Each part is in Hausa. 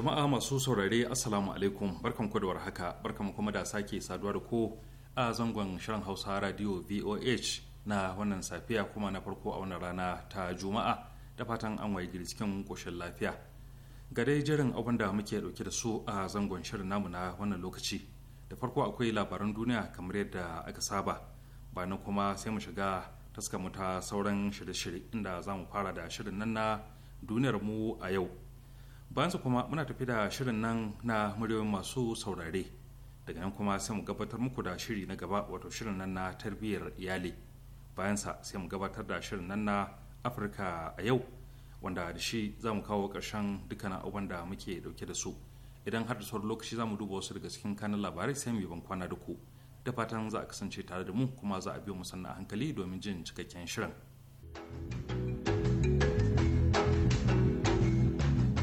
jama'a masu saurare assalamu alaikum barkan ku haka warhaka barkan kuma da sake saduwa da ku a zangon shirin hausa radio voh na wannan safiya kuma na farko a wannan rana ta juma'a da fatan an waye gari cikin koshin lafiya ga dai jirin abin da muke dauke da su a zangon shirin namu na wannan lokaci da farko akwai labaran duniya kamar yadda aka saba ba na kuma sai mu shiga taskamu ta sauran shirye-shirye inda za mu fara da shirin nan na duniyar mu a yau bayan su kuma muna tafi da shirin nan na muryoyin masu saurare daga nan kuma sai mu gabatar muku da shiri na gaba wato shirin nan na tarbiyyar iyali bayansa sai mu gabatar da shirin nan na afirka a yau wanda da shi za mu kawo ƙarshen dukkan abubuwan da muke dauke da su idan har da sauran lokaci za mu duba wasu daga cikin kanan labarai sai mu yi ban kwana duku ku da fatan za a kasance tare da mu kuma za a biyo mu sannan a hankali domin jin cikakken shirin.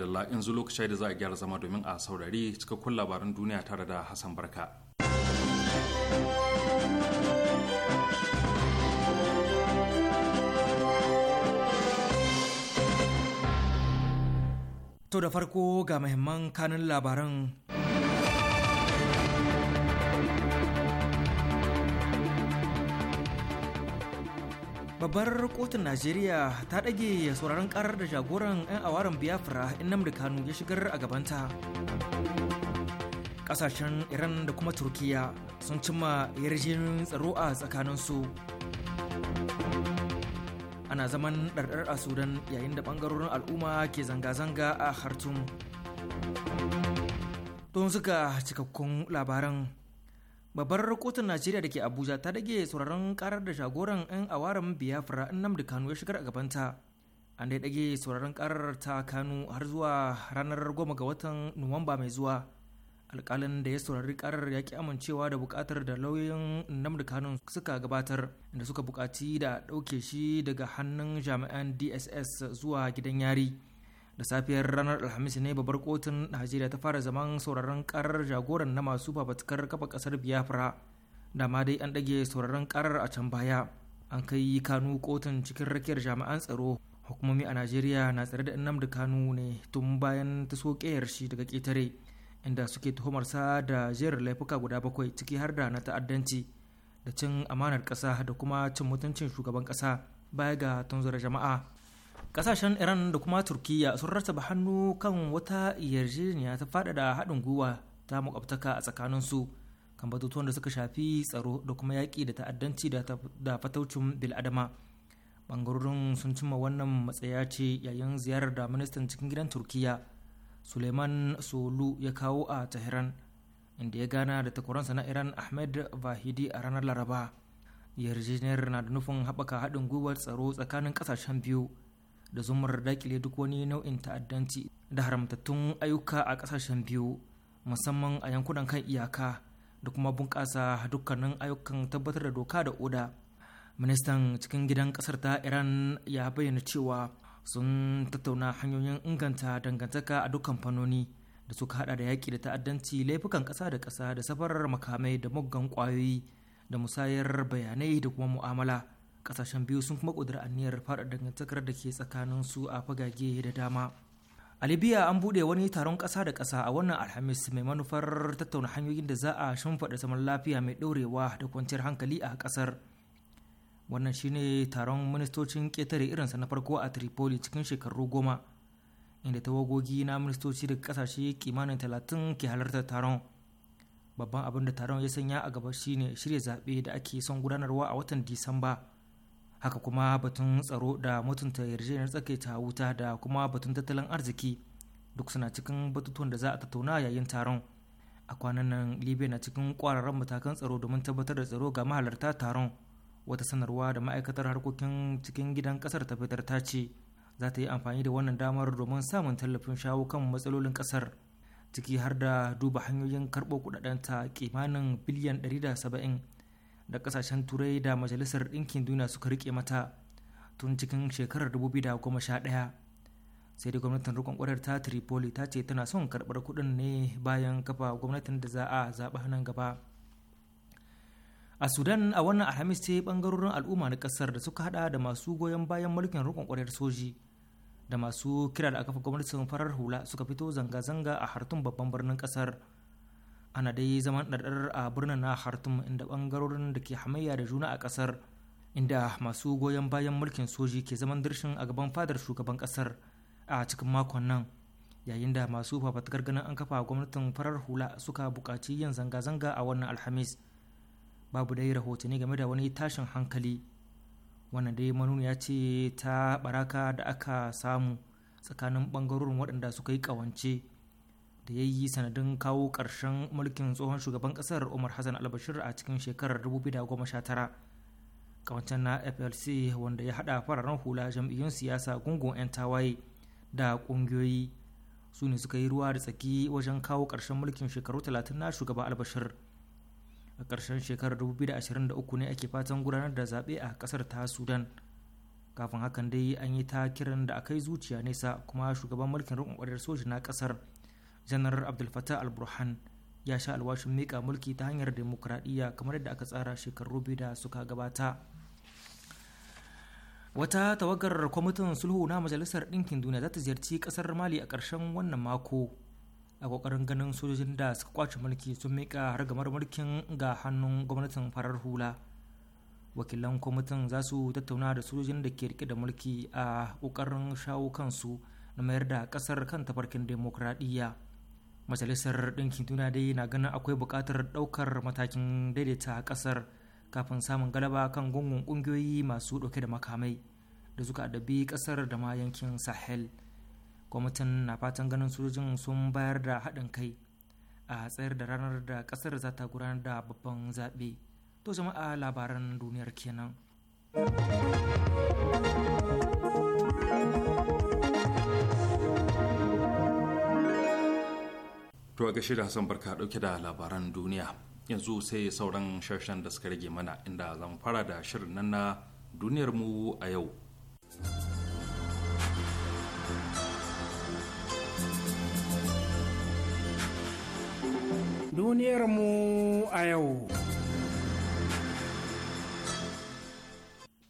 la'in zu lokaci da za a gyara zama domin a saurari cikakkun labaran duniya tare da hassan barka to da farko ga muhimman kanun labaran babbar kotun najeriya ta ɗage sauraron karar da jagoran 'yan awaren biafra in namdi kanu ya shigar a gabanta ƙasashen iran da kuma turkiya sun cimma yarjejeniyar tsaro a tsakaninsu ana zaman ɗarɗar a sudan yayin da ɓangarorin al'umma ke zanga-zanga a hartun. don suka cikakkun labaran babbar kotun najeriya da ke abuja ta dage sauraron karar da shagoran 'yan awaran biafra nnamdi kanu ya shigar a gabanta an dai dage sauraron karar ta kanu har zuwa ranar goma ga watan nuwamba mai zuwa alkalin da ya saurari karar ya ki amincewa da bukatar da lauyoyin nnamdi kanu suka gabatar da suka bukaci da dauke shi daga hannun jami'an dss zuwa gidan yari da safiyar ranar alhamis ne babbar kotun najeriya ta fara zaman sauraron karar jagoran na masu fafatukar kafa kasar biafra da ma dai an dage sauraron karar a can baya an kai kanu kotun cikin rakiyar jami'an tsaro hukumomi a najeriya na tsare da nnamdi kanu ne tun bayan ta so shi daga ketare inda suke tuhumarsa da jerin laifuka guda bakwai ciki har da na ta'addanci da cin amanar kasa da kuma cin mutuncin shugaban kasa baya ga tunzura jama'a kasashen iran da kuma turkiya sun rattaba hannu kan wata yarjejeniya ta faɗaɗa haɗin gwiwa ta makwabtaka a tsakanin su kan batutuwan da suka shafi tsaro da kuma yaƙi da ta'addanci da fataucin biladama ɓangarorin sun cimma wannan matsaya ce yayin ziyarar da ministan cikin gidan turkiya suleiman solu ya kawo a tehran inda ya gana da takwaransa na iran ahmed vahidi a ranar laraba yarjejeniyar na da nufin haɓaka haɗin gwiwar tsaro tsakanin ƙasashen biyu da zumar dakile duk wani nau'in ta'addanci da haramtattun ayyuka a ƙasashen biyu musamman a yankunan kan iyaka da kuma bunƙasa dukkanin ayyukan tabbatar da doka da oda ministan cikin gidan ƙasar ta iran ya bayyana cewa sun tattauna hanyoyin inganta dangantaka a dukkan fannoni da suka hada da yaƙi da ta'addanci laifukan ƙasa da ƙasa da safarar makamai da muggan ƙwayoyi da musayar bayanai da kuma mu'amala kasashen biyu sun kuma kudura aniyar faɗa dangantakar da ke tsakanin su a fagage da dama a libya an buɗe wani taron kasa da kasa a wannan alhamis mai manufar tattauna hanyoyin da za a shimfada zaman lafiya mai ɗorewa da kwanciyar hankali a ƙasar wannan shine taron ministocin ƙetare irinsa na farko a tripoli cikin shekaru goma inda tawagogi na ministoci daga kasashe kimanin talatin ke halartar taron babban abin da taron ya sanya a gaba shine shirya zaɓe da ake son gudanarwa a watan disamba haka kuma batun tsaro da mutunta yarjejeniyar tsakaita wuta da kuma batun tattalin arziki duk suna cikin batutuwan da za a tattauna yayin taron a kwanan nan libya na cikin kwararren matakan tsaro domin tabbatar da tsaro ga mahalarta taron wata sanarwa da ma'aikatar harkokin cikin gidan kasar ta fitar ta ce za ta yi amfani da wannan damar domin samun tallafin shawo kan matsalolin kasar ciki har da duba hanyoyin karɓo kuɗaɗen ta kimanin biliyan 170 da kasashen turai da majalisar ɗinkin duniya suka rike mata tun cikin shekarar 2011 sai dai gwamnatin rikon kwarar ta tripoli ta ce tana son karɓar kuɗin ne bayan kafa gwamnatin da za a zaɓa nan gaba a sudan a wannan alhamis ce ɓangarorin al'umma na ƙasar da suka hada da masu goyon bayan mulkin rikon kwarar soji da masu kira da aka fi gwamnatin farar hula suka fito zanga-zanga a hartun babban birnin ƙasar ana dai zaman ɗarɗar a birnin na hartum inda ɓangarorin da ke hamayya da juna a ƙasar inda masu goyon bayan mulkin soji ke zaman dirshin a gaban fadar shugaban ƙasar a cikin makon nan yayin da masu fafatakar ganin an kafa gwamnatin farar hula suka buƙaci yin zanga-zanga a wannan alhamis babu dai rahotanni game da wani tashin hankali wannan dai manuniya ce ta baraka da aka samu tsakanin ɓangarorin waɗanda suka yi ƙawance da ya yi sanadin kawo ƙarshen mulkin tsohon shugaban ƙasar umar hassan albashir a cikin shekarar 2019 kamancin na flc wanda ya haɗa fararen hula jam'iyyun siyasa gungun 'yan tawaye da ƙungiyoyi su ne suka yi ruwa da tsaki wajen kawo ƙarshen mulkin shekaru 30 na shugaban albashir a ƙarshen shekarar 2023 ne ake fatan gudanar da zaɓe a ƙasar ta sudan kafin hakan dai an yi ta kiran da yi zuciya nesa kuma shugaban mulkin rukun ƙwarar soji na ƙasar janar abdul fatah al-burhan ya sha alwashin mika mulki ta hanyar demokradiyya kamar yadda aka tsara shekaru biyu da suka gabata wata tawagar kwamitin sulhu na majalisar ɗinkin duniya za ta ziyarci ƙasar mali a ƙarshen wannan mako a ƙoƙarin ganin sojojin da suka kwace mulki sun mika ragamar mulkin ga hannun gwamnatin farar hula wakilan kwamitin za su tattauna da sojojin da ke rike da mulki a ƙoƙarin shawo kansu na mayar da ƙasar kan tafarkin demokradiyya majalisar ɗinkin duniya dai na ganin akwai buƙatar ɗaukar matakin daidaita a ƙasar kafin samun galaba kan gungun ƙungiyoyi masu ɗauke da makamai da suka adabi ƙasar da ma yankin sahel gwamnatin na fatan ganin sojojin sun bayar da haɗin kai a tsayar da ranar da ƙasar za ta gudanar da babban zaɓe to jama'a labaran duniyar kenan to ga gashi da hassan barka dauke da labaran duniya yanzu sai sauran sharshen da suka rage mana inda zamu fara da shirin nan na duniyar a yau duniyar mu a yau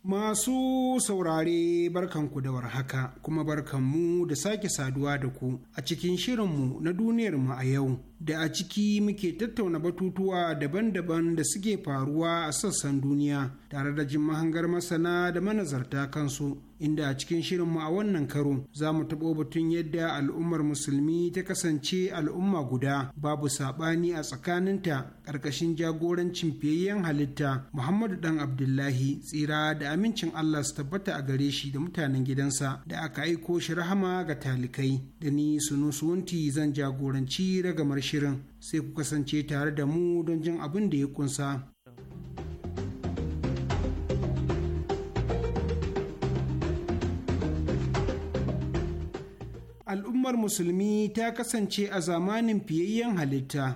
Masu saurare barkan ku da warhaka kuma barkanmu da sake saduwa da ku a cikin shirinmu na duniyarmu a yau da a ciki muke tattauna batutuwa daban-daban da suke faruwa a sassan duniya tare da jin mahangar masana da manazarta kansu inda a cikin shirinmu a wannan karo za mu taɓo batun yadda al'ummar musulmi ta kasance al'umma guda babu saɓani a tsakaninta ƙarƙashin jagorancin fiyayyen halitta muhammadu dan abdullahi tsira da amincin allah su tabbata a gare shi da mutanen gidansa da aka aiko shi rahama ga talikai da ni sunusuwanti zan jagoranci ragamar shi shirin sai ku kasance tare da mu don jin abin da ya kunsa. Al'ummar musulmi ta kasance a zamanin fiyayyen halitta.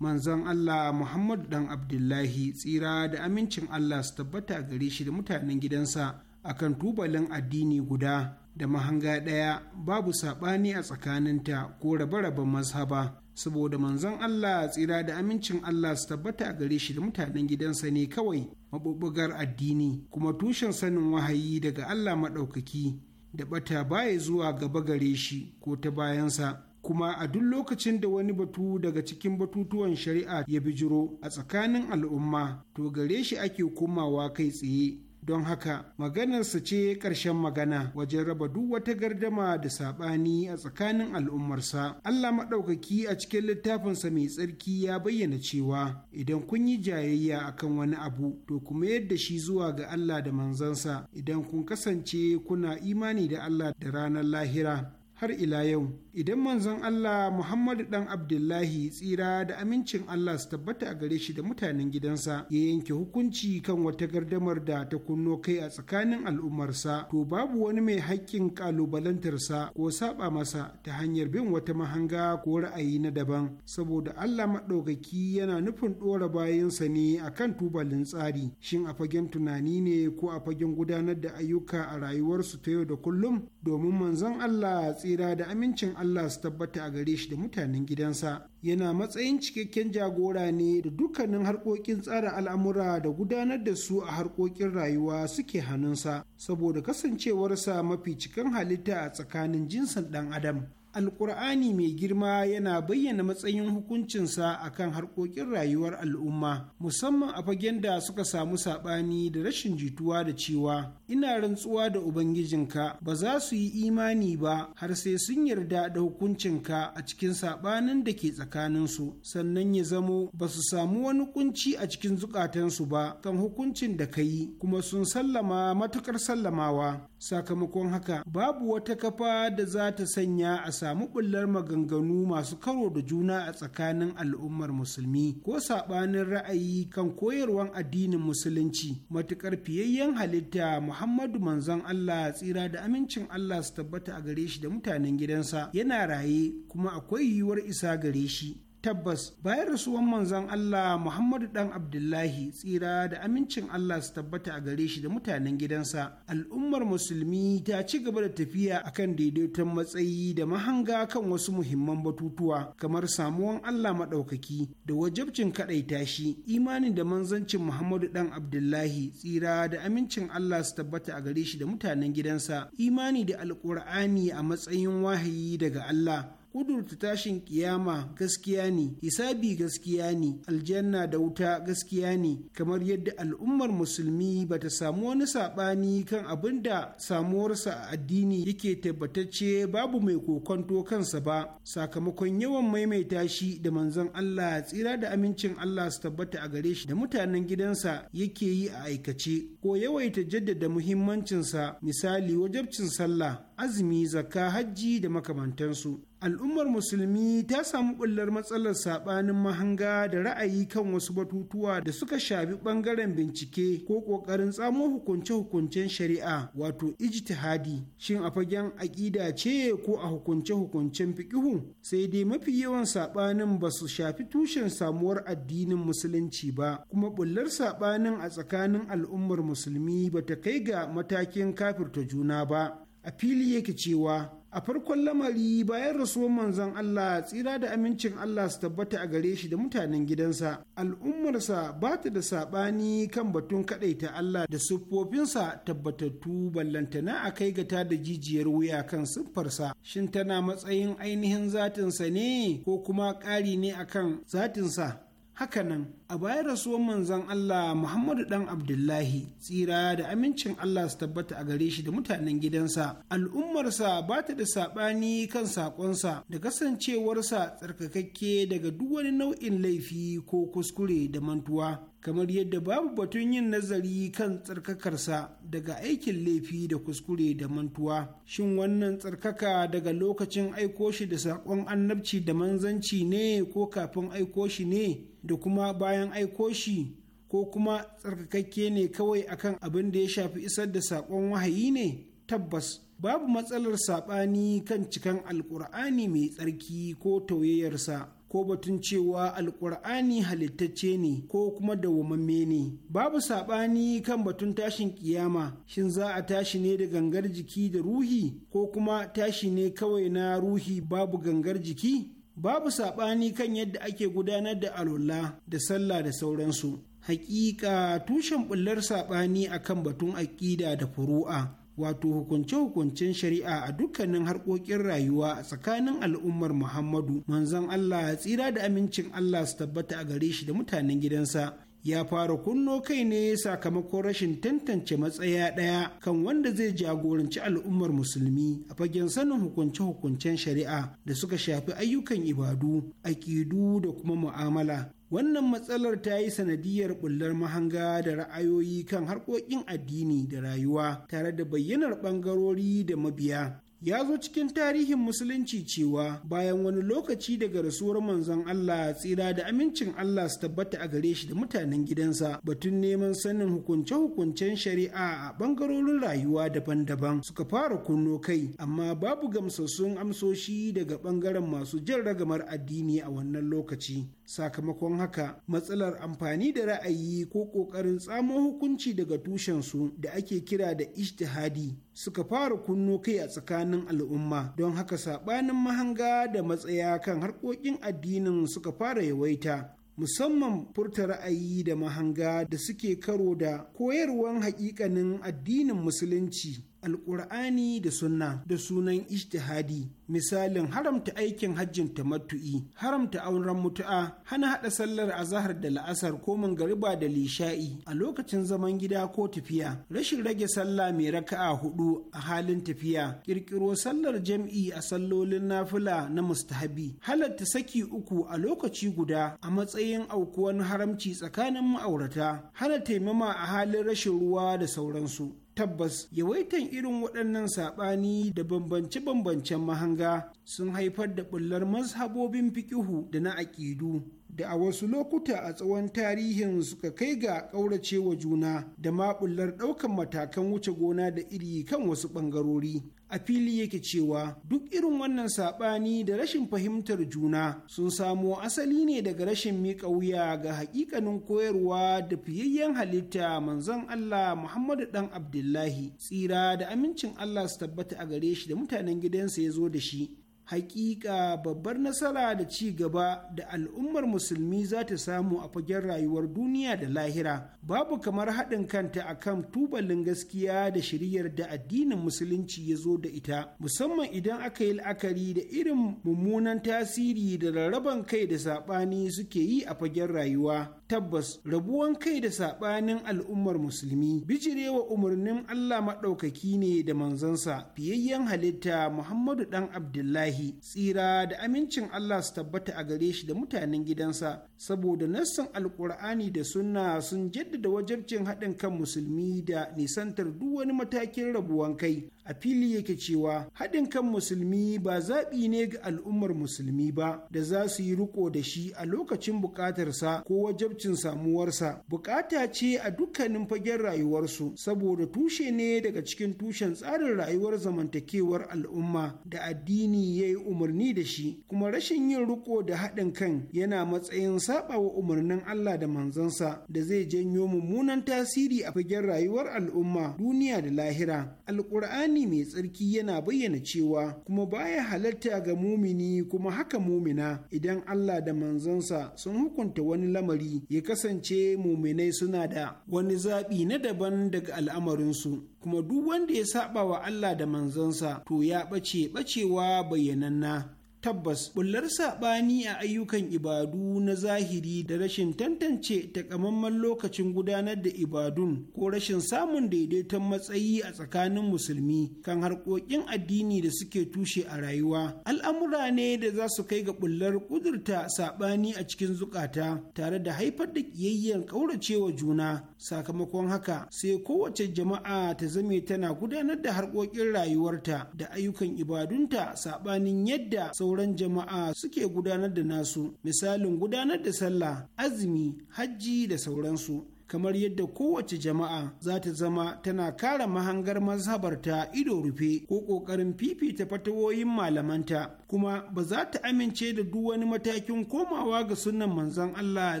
Manzon Allah Muhammadu dan Abdullahi tsira da amincin Allah su tabbata gare shi da mutanen gidansa akan tubalin addini guda da mahanga ɗaya babu saɓani a tsakaninta ko rabe-raben mazhaba. saboda manzon Allah tsira da amincin Allah su tabbata a gare shi da mutanen gidansa ne kawai maɓuɓɓugar addini kuma tushen sanin wahayi daga Allah maɗaukaki da bata baya zuwa gaba gare shi ko ta bayansa kuma a duk lokacin da wani batu daga cikin batutuwan shari'a ya bijiro a tsakanin al'umma to gare shi ake komawa kai tsaye don haka maganarsa ce ƙarshen magana wajen raba duk wata gardama da saɓani a tsakanin al'ummarsa Allah maɗaukaki a cikin littafinsa mai tsarki ya bayyana cewa idan kun yi jayayya akan wani abu to kuma yadda shi zuwa ga Allah da manzansa idan kun kasance kuna imani da Allah da ranar lahira har ila yau idan manzon Allah Muhammadu dan Abdullahi tsira da amincin Allah su tabbata a gare shi da mutanen gidansa ya yanke hukunci kan wata gardamar da ta kunno kai a tsakanin al'ummarsa to babu wani mai haƙƙin ƙalubalantarsa ko saba masa ta hanyar bin wata mahanga ko ra'ayi na daban saboda Allah maɗaukaki yana nufin ɗora bayansa ne kan tubalin tsari shin a fagen tunani ne ko a fagen gudanar da ayyuka a rayuwarsu ta yau da kullum domin manzon Allah tsira da amincin Allah su tabbata a gare shi da mutanen gidansa yana matsayin cikakken jagora ne da dukkanin harkokin tsara al'amura da gudanar da su a harkokin rayuwa suke hannunsa saboda kasancewarsa mafi cikin halitta a tsakanin jinsin ɗan adam alkur'ani mai girma yana bayyana matsayin hukuncinsa a kan harkokin rayuwar al'umma musamman a fagen da suka samu saɓani da rashin jituwa da cewa ina rantsuwa da ubangijinka ba za su yi imani ba har sai sun yarda da hukuncinka a cikin saɓanin da ke tsakaninsu sannan ya zamo ba su samu wani kunci a cikin zukatansu ba kan hukuncin da ka yi kuma sun sallama matukar sallamawa sakamakon haka babu wata kafa da za ta sanya a samu bullar maganganu masu karo da juna a tsakanin al'ummar musulmi ko saɓanin ra'ayi kan koyarwan addinin musulunci matukar fiyayyen halitta muhammadu manzon allah tsira da amincin allah su tabbata a gare shi da mutanen gidansa yana raye kuma akwai yiwuwar isa gare shi tabbas bayan rasuwan manzon Allah Muhammadu dan Abdullahi tsira da amincin Allah su tabbata a gare shi da mutanen gidansa al'ummar musulmi ta ci gaba da tafiya a kan daidaiton matsayi da mahanga kan wasu muhimman batutuwa kamar samuwan Allah maɗaukaki da wajabcin kaɗaita shi imanin da manzancin Muhammadu dan Abdullahi tsira da amincin Allah su tabbata a gare shi da mutanen gidansa imani da alƙur'ani a matsayin wahayi daga Allah kudurta tashin kiyama gaskiya ne hisabi gaskiya ne aljanna da wuta gaskiya ne kamar yadda al'ummar musulmi ba ta samu wani saɓani kan abin da samuwarsa a addini yake tabbatacce babu mai kokonto kansa ba sakamakon yawan maimaita shi da manzon Allah tsira da amincin Allah su tabbata a gare shi da mutanen gidansa yake yi a aikace ko yawaita jaddada muhimmancinsa misali wajabcin sallah azumi zakka hajji da makamantansu al'ummar musulmi ta samu bullar matsalar saɓanin mahanga da ra'ayi kan wasu batutuwa da suka shafi ɓangaren bincike ko ƙoƙarin tsamo hukunce-hukuncen shari'a wato ijtihadi shin a fagen aƙida ce ko a hukunce-hukuncen fiƙihu sai dai mafi yawan saɓanin ba su shafi tushen samuwar addinin musulunci ba kuma bullar saɓanin a tsakanin al'ummar musulmi ba ta kai ga matakin kafirta juna ba a fili yake cewa a farkon lamari bayan rasuwar manzon Allah tsira da amincin Allah su tabbata a gare shi da mutanen gidansa al'ummarsa ba ta da saɓani kan batun kaɗaita Allah da siffofinsa tabbatattu ballantana a kai gata da jijiyar wuya kan siffarsa shin tana matsayin ainihin zatinsa ne ko kuma ƙari ne akan zatinsa Hakanan, a bayan rasuwar manzon Allah Muhammadu ɗan Abdullahi tsira da amincin Allah su tabbata a gare shi da mutanen gidansa, al'ummarsa ba ta da saɓani kan saƙonsa da kasancewarsa tsarkakakke daga duk wani nau'in laifi ko kuskure da mantuwa. kamar yadda babu batun yin nazari kan tsarkakarsa daga aikin laifi da kuskure da mantuwa shin wannan tsarkaka daga lokacin aiko shi da saƙon annabci da manzanci ne ko kafin aiko shi ne da kuma bayan aiko shi ko kuma tsarkakakke ne kawai akan abin da ya shafi isar da saƙon wahayi ne tabbas babu matsalar saɓani kan cikan alkur'ani mai tsarki ko tauyayarsa ko batun cewa alkur'ani halittacce ne ko kuma dawwamamme ne babu saɓani kan batun tashin kiyama shin za a tashi ne da gangar jiki da ruhi ko kuma tashi ne kawai na ruhi babu gangar jiki babu saɓani kan yadda ake gudanar da alwala da sallah da sauransu hakika tushen bullar saɓani akan batun aƙida da furu'a wato hukunce-hukuncen shari'a a dukkanin harkokin rayuwa a tsakanin al'ummar Muhammadu manzon Allah ya tsira da amincin Allah su tabbata a gare shi da mutanen gidansa ya fara kunno kai ne sakamakon rashin tantance matsaya ɗaya kan wanda zai jagoranci al'ummar musulmi a fagen sanin hukunce-hukuncen shari'a da suka shafi ayyukan ibadu aƙidu da kuma mu'amala wannan matsalar ta yi sanadiyar bullar mahanga da ra'ayoyi kan harkokin addini da rayuwa tare da bayyanar ɓangarori da mabiya ya zo cikin tarihin musulunci cewa bayan wani lokaci daga rasuwar manzon Allah tsira da amincin Allah su tabbata a gare shi da mutanen gidansa batun neman sanin hukunce-hukuncen shari'a a ɓangarorin rayuwa daban-daban suka fara kunno kai amma babu gamsassun amsoshi daga ɓangaren masu jin ragamar addini a wannan lokaci sakamakon haka matsalar amfani da ra'ayi ko ƙoƙarin tsamo hukunci daga tushensu da ake kira da ishtihadi suka fara kunno kai a tsakanin al'umma don haka saɓanin mahanga da matsaya kan harkokin addinin suka fara yawaita musamman furta ra'ayi da mahanga da suke karo da koyarwan haƙiƙanin addinin musulunci Alƙur'ani da sunna da sunan ijtihadi misalin haramta aikin hajjin tamattu'i haramta auren mutu'a hana haɗa sallar azahar da la'asar ko mangariba da lishai a lokacin zaman gida ko tafiya rashin rage sallah mai raka'a hudu a halin tafiya Ƙirƙiro sallar jam'i a sallolin nafila na mustahabi Halarta saki uku a lokaci guda a matsayin aukuwan haramci tsakanin ma'aurata hana taimama a halin rashin ruwa da sauransu tabbas yawaitan irin waɗannan saɓani da bambance-bambancen mahanga sun haifar da ɓullar mazhabobin fikihu da na aƙidu da a wasu lokuta a tsawon tarihin suka kai ga ƙauracewa juna da ma maɓullar ɗaukan matakan wuce gona da iri kan wasu ɓangarori a fili yake cewa duk irin wannan saɓani da rashin fahimtar juna sun samo asali ne daga rashin miƙa wuya ga haƙiƙanin koyarwa da fiyayyen halitta manzon Allah Muhammadu ɗan Abdullahi tsira da amincin Allah su tabbata a gare shi da mutanen gidansa ya zo da shi hakika babbar nasara da ci gaba da al'ummar musulmi za ta samu a fagen rayuwar duniya da lahira babu kamar haɗin kanta a kan tubalin gaskiya da shiriyar da addinin musulunci ya zo da ita musamman idan aka yi la'akari da irin mummunan tasiri da rarraban kai da saɓani suke yi a fagen rayuwa tabbas rabuwan kai da saɓanin al'ummar musulmi bijirewa umarnin Allah maɗaukaki ne da manzansa fiyayyen halitta Muhammadu ɗan Abdullahi tsira da amincin Allah su tabbata a gare shi da mutanen gidansa saboda nassan alkur'ani da sunna sun jaddada wajabcin haɗin kan musulmi da nisantar duk wani matakin rabuwan kai a fili yake cewa haɗin kan musulmi ba zaɓi ne ga al'ummar musulmi ba da za su yi riko da shi a lokacin buƙatarsa ko wajabcin samuwarsa buƙata ce a dukkanin fagen rayuwarsu saboda tushe ne daga cikin tushen tsarin rayuwar zamantakewar al'umma da addini ya yi umarni da shi kuma rashin yin riko da haɗin kan yana matsayin saɓa wa umarnin Allah da manzansa da zai janyo mummunan tasiri a fagen rayuwar al'umma duniya da lahira alƙur'ani Alkur'ani mai tsarki yana bayyana cewa kuma baya halatta ga mumini kuma haka mumina idan Allah da manzansa sun hukunta wani lamari ya kasance muminai suna da wani zaɓi na daban daga al'amarinsu. Kuma duk wanda ya saɓa wa Allah da manzansa to ya ɓace ɓacewa bayyananna. tabbas bullar saɓani a ayyukan ibadu na zahiri da rashin tantance takamaiman lokacin gudanar da ibadun ko rashin samun daidaiton matsayi a tsakanin musulmi kan harkokin addini da suke tushe a rayuwa al'amura ne da za su kai ga bullar kudurta saɓani a cikin zukata tare da haifar da kiyayyen ƙauracewa juna sakamakon haka sai kowace jama'a ta zame tana gudanar da harkokin rayuwarta da ayyukan ibadunta saɓanin yadda sauran jama'a suke gudanar da nasu misalin gudanar da sallah azumi hajji da sauransu kamar yadda kowace jama'a za ta zama tana kara mahangar mazhabarta ido rufe ko ƙoƙarin fifita fatawoyin malamanta kuma ba za ta amince da duk wani matakin komawa ga sunan manzon Allah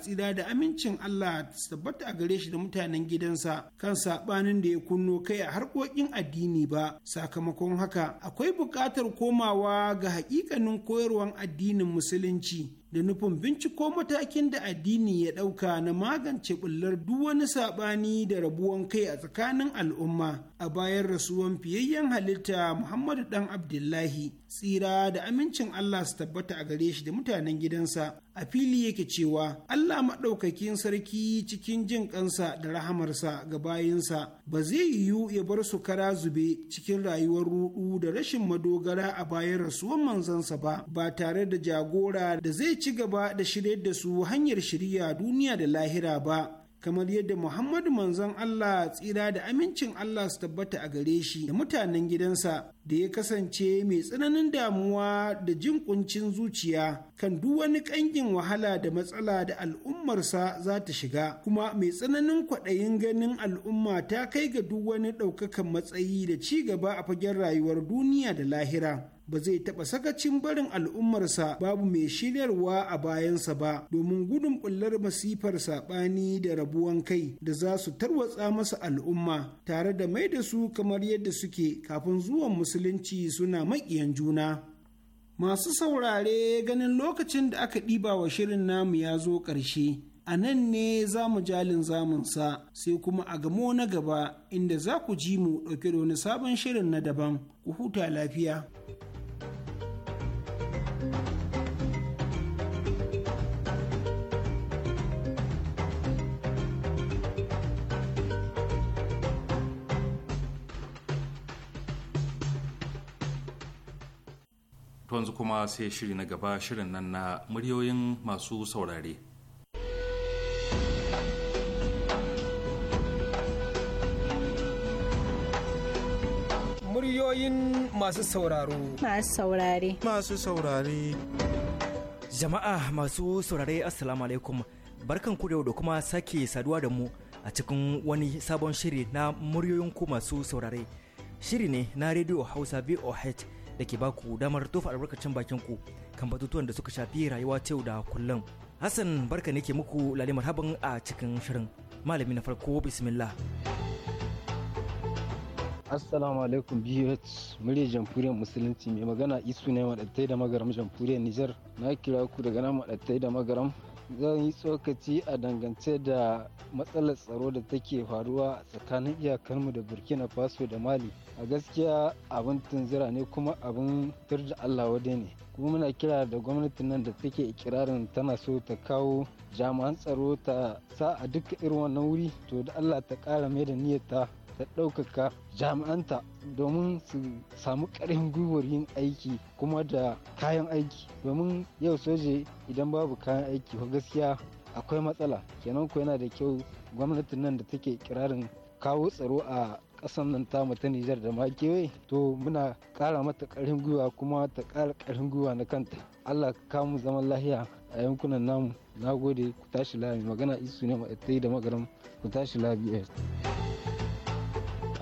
tsira da amincin Allah tabbata a gare shi da mutanen gidansa kan sabanin da ya kunno kai a harkokin addini ba sakamakon haka akwai buƙatar komawa ga haƙiƙanin koyarwan addinin musulunci da nufin binciko matakin da addini ya ɗauka na magance ɓullar duk wani saɓani da rabuwan kai a tsakanin al'umma a bayan rasuwan fiyayyen halitta Muhammadu ɗan Abdullahi tsira da amincin Allah su tabbata a gare shi da mutanen gidansa a fili yake cewa Allah maɗaukakin sarki cikin jin ƙansa da rahamarsa ga bayinsa ba zai yiwu ya bar su kara zube cikin rayuwar ruɗu da rashin madogara a bayan rasuwan manzansa ba ba tare da jagora da zai ci gaba da shirye da su hanyar shirya duniya da lahira ba kamar yadda Muhammadu manzon Allah tsira da amincin Allah su tabbata a gare shi da mutanen gidansa da ya kasance mai tsananin damuwa da jin kuncin zuciya kan duk wani ƙangin wahala da matsala da al'ummarsa za ta shiga kuma mai tsananin kwaɗayin ganin al'umma ta kai ga duk wani ɗaukakan matsayi da ci gaba a fagen rayuwar duniya da lahira ba zai taɓa sakacin barin al'ummarsa babu mai shiryarwa a bayansa ba domin gudun ɓullar masifar saɓani da rabuwan kai da za su tarwatsa masa al'umma tare da mai da su kamar yadda suke kafin zuwan musulunci suna maƙiyan juna. Masu saurare ganin lokacin da aka ɗiba wa shirin namu ya zo ƙarshe. a nan ne za mu jalin zamunsa sai kuma a gamo na gaba inda za ku ji mu ɗauke da wani sabon shirin na daban ku huta lafiya. to yanzu kuma sai shiri na gaba shirin nan na muryoyin masu saurare muryoyin masu sauraro masu saurare masu saurare jama'a masu saurare assalamu alaikum barkan ku da kuma sake saduwa da mu a cikin wani sabon shiri na muryoyin ku masu saurare shiri ne na rediyo hausa voh da ke baku damar tofa albarkacin bakin ku kan batutuwan da suka shafi rayuwa ta yau da kullum. Hassan barka ne ke muku lalle marhaban a cikin shirin. Malami na farko bismillah. Assalamu alaikum BH muryar jamhuriyar musulunci mai magana isu ne madattai da magaram jamhuriyar Nijar na kira ku daga nan madattai da magaram zan yi tsokaci a dangance da matsalar tsaro da take faruwa a tsakanin iyakarmu da burkina faso da mali a gaskiya abin tunzira ne kuma abin tur da allah wadai ne kuma muna kira da gwamnatin nan da take ikirarin tana so ta kawo jami'an tsaro ta sa a duka irin wannan wuri to da allah ta kara mai da niyyar ta ɗaukaka jami'anta domin su samu ƙarfin gwiwar yin aiki kuma da kayan aiki domin yau soje idan babu kayan aiki ba gaskiya akwai matsala kenan ko yana da kyau gwamnatin nan da take kirarin kawo tsaro a ƙasar nan ta ta nijar da ma kewaye to muna ƙara mata ƙarfin gwiwa kuma ta ƙara ƙarfin gwiwa na kanta allah ka kamu zaman lahiya a yankunan namu na gode ku tashi lami magana isu ne ma'aikatai da magaram ku tashi labi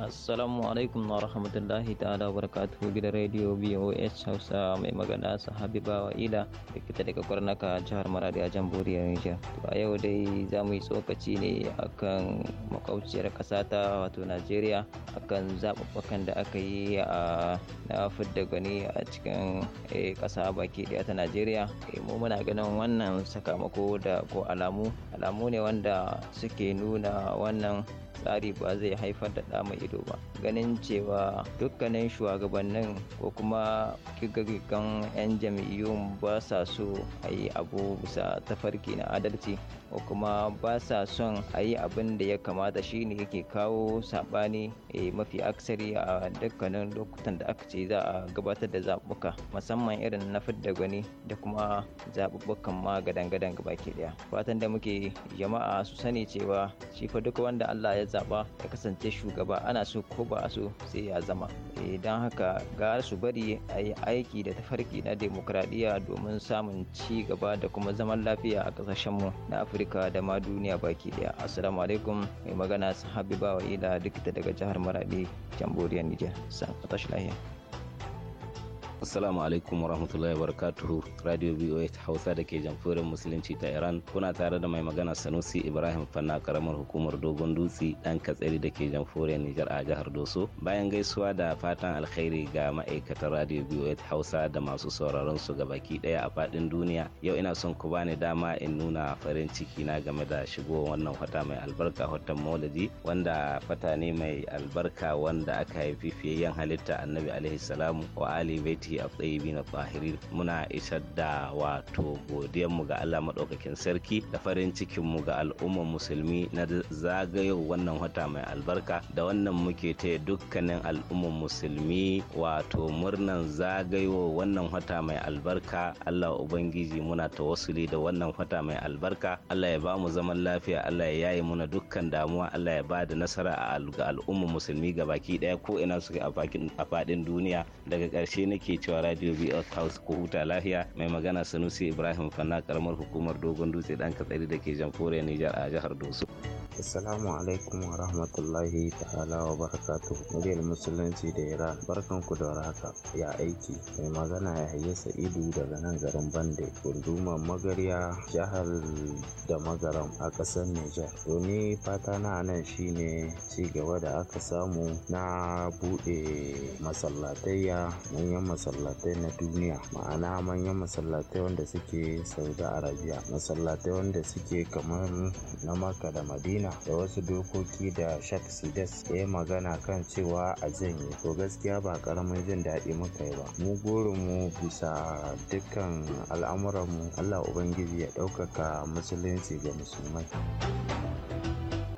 Assalamu alaikum wa rahmatullahi ta'ala wa barakatuhu gidan rediyo BOS Hausa mai magana sahabi bawa ila da kita daga kwarnaka jihar Maradi a jamhuriyar Nijar. To a yau dai za mu yi tsokaci ne akan makauciyar ƙasa ta wato Najeriya akan zaɓaɓɓakan da aka yi a na fidda gani a cikin e, ƙasa baki ɗaya ta Najeriya. E, mu muna ganin wannan sakamako da ko alamu alamu ne wanda suke nuna wannan tsari ba zai haifar da dama ido ba ganin cewa dukkanin shugabannin ko kuma kigagigan 'yan jam'iyyun ba sa so a yi abu bisa tafarki na adalci ko kuma ba sa son a yi abin da ya kamata shine yake kawo saɓani eh, mafi aksari a dukkanin lokutan da aka ce za a gabatar da zaɓuɓɓuka musamman irin na fidda gwani da kuma zaɓuɓɓukan ma gadan-gadan ke ɗaya fatan da muke jama'a su sani cewa shi fa duk wanda Allah ya zaɓa ya kasance shugaba ana so ko ba a so sai ya zama eh, don haka ga su bari a yi aiki da tafarki na demokradiyya domin samun ci gaba da kuma zaman lafiya a ƙasashenmu na afirka Afrika dan ma dunia baki dia. Assalamualaikum. Mai magana sahabiba wa ila dikita daga Jahar Marat di Jamburian ni je. Sampai tashlah ya. Assalamu alaikum warahmatullahi wabarakatuhu Radio BOA Hausa da ke jamfurin Musulunci ta Iran kuna tare da mai magana Sanusi Ibrahim Fanna karamar hukumar Dogon Dutse dan Katsari da ke jamfurin Nijar a jihar Doso bayan gaisuwa da fatan alkhairi ga ma'aikatan Radio BOA Hausa da masu sauraron su ga baki daya a fadin duniya yau ina son ku bani dama in nuna farin ciki na game da shigo wannan wata mai albarka watan Maulidi wanda fata ne mai albarka wanda aka haifi fiyayyen halitta Annabi alaihi salamu wa ali baiti tahi na tahirin muna isar da wato mu ga Allah maɗaukakin sarki da farin cikin mu ga al'umma musulmi na zagayo wannan wata mai albarka da wannan muke taya dukkanin al'umma musulmi wato murnan zagayo wannan wata mai albarka Allah ubangiji muna wasuli da wannan wata mai albarka Allah ya ba mu zaman lafiya Allah ya yayi muna dukkan damuwa Allah ya ba da nasara a al'umma musulmi gabaki ɗaya ko ina suke a faɗin duniya daga ƙarshe nake cewa radio bos house ko huta lafiya mai magana sanusi ibrahim fanna karamar hukumar dogon dutse dan katsari da ke jamhuriyar niger a jihar doso Assalamu alaikum wa rahmatullahi ta'ala wa barakatu. Muryar Musulunci da Iran barkan ku da haka ya aiki mai magana ya hayya sa'idu daga nan garin Bande gunduma magarya jihar da magaram a ƙasar Nijar. Doni fata na nan shine ci gaba da aka samu na buɗe masallatayya manyan masallatai na duniya ma'ana manyan masallatai wanda suke Saudi arabiya masallatai wanda suke kamar na Makka da Madina da wasu dokoki da shak sides ya yi magana kan cewa a janye to gaskiya ba karamin jin daɗi muka yi ba mu mu bisa dukkan al'amuranmu allah ubangiji ya ɗaukaka musulunci ga musulmai